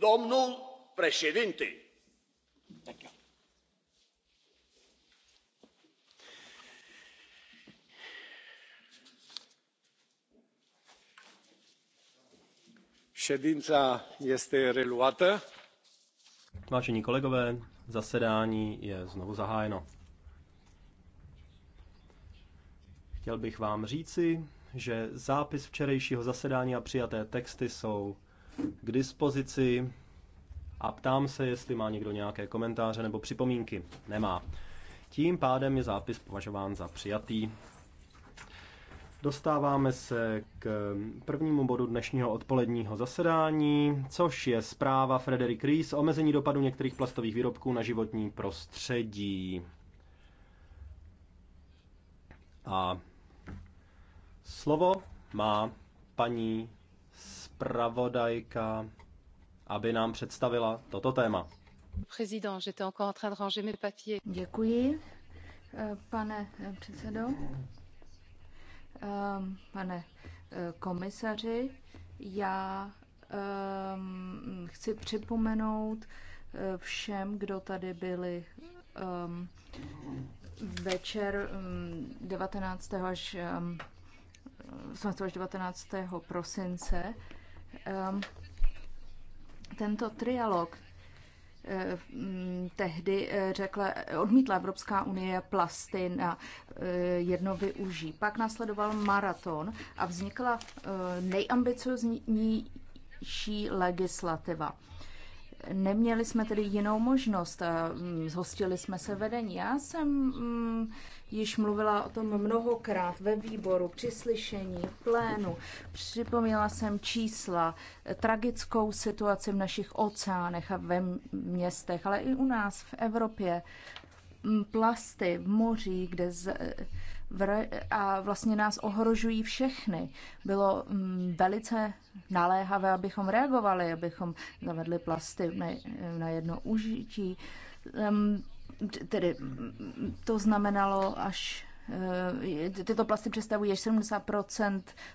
domnul președinte šedința este reluată. vážení kolegové zasedání je znovu zahájeno. chtěl bych vám říci že zápis včerejšího zasedání a přijaté texty jsou k dispozici a ptám se, jestli má někdo nějaké komentáře nebo připomínky. Nemá. Tím pádem je zápis považován za přijatý. Dostáváme se k prvnímu bodu dnešního odpoledního zasedání, což je zpráva Frederick Rees o omezení dopadu některých plastových výrobků na životní prostředí. A slovo má paní zpravodajka, aby nám představila toto téma. Děkuji, eh, pane eh, předsedo. Eh, pane komisaři, já chci připomenout všem, kdo tady byli večer 19. až až 19. prosince Ehm, tento trialog ehm, tehdy eh, řekla, odmítla Evropská unie plasty na eh, jedno využí. Pak následoval maraton a vznikla eh, nejambicioznější legislativa. Neměli jsme tedy jinou možnost mm, zhostili jsme se vedení. Já jsem mm, již mluvila o tom mnohokrát ve výboru, při slyšení, v plénu. Připomněla jsem čísla, tragickou situaci v našich oceánech a ve městech, ale i u nás v Evropě. Plasty v moří, kde z, a vlastně nás ohrožují všechny. Bylo mm, velice naléhavé, abychom reagovali, abychom zavedli plasty na jedno užití. Tedy mm, to znamenalo až eh, tyto plasty představují až 70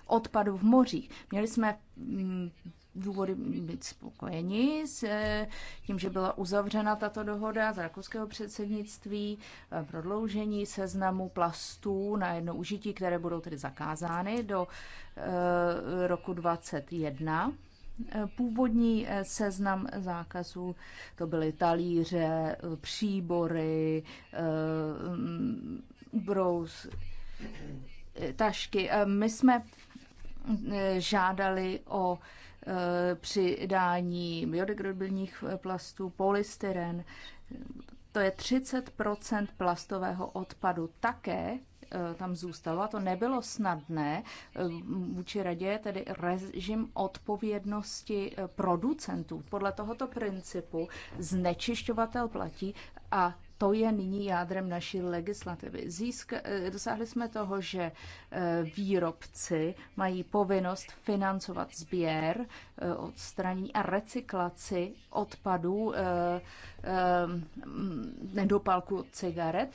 odpadu v mořích. Měli jsme mm, důvody být spokojeni s eh, tím, že byla uzavřena tato dohoda z rakouského předsednictví, eh, prodloužení seznamu plastů na jedno užití, které budou tedy zakázány do eh, roku 2021. Původní seznam zákazů to byly talíře, příbory, brous, tašky. My jsme žádali o Eh, přidání biodegradabilních eh, plastů, polystyren. To je 30 plastového odpadu. Také eh, tam zůstalo a to nebylo snadné vůči radě, tedy režim odpovědnosti producentů. Podle tohoto principu znečišťovatel platí a to je nyní jádrem naší legislativy. Získa, eh, dosáhli jsme toho, že eh, výrobci mají povinnost financovat sběr, eh, odstranění a recyklaci odpadů nedopalku cigaret.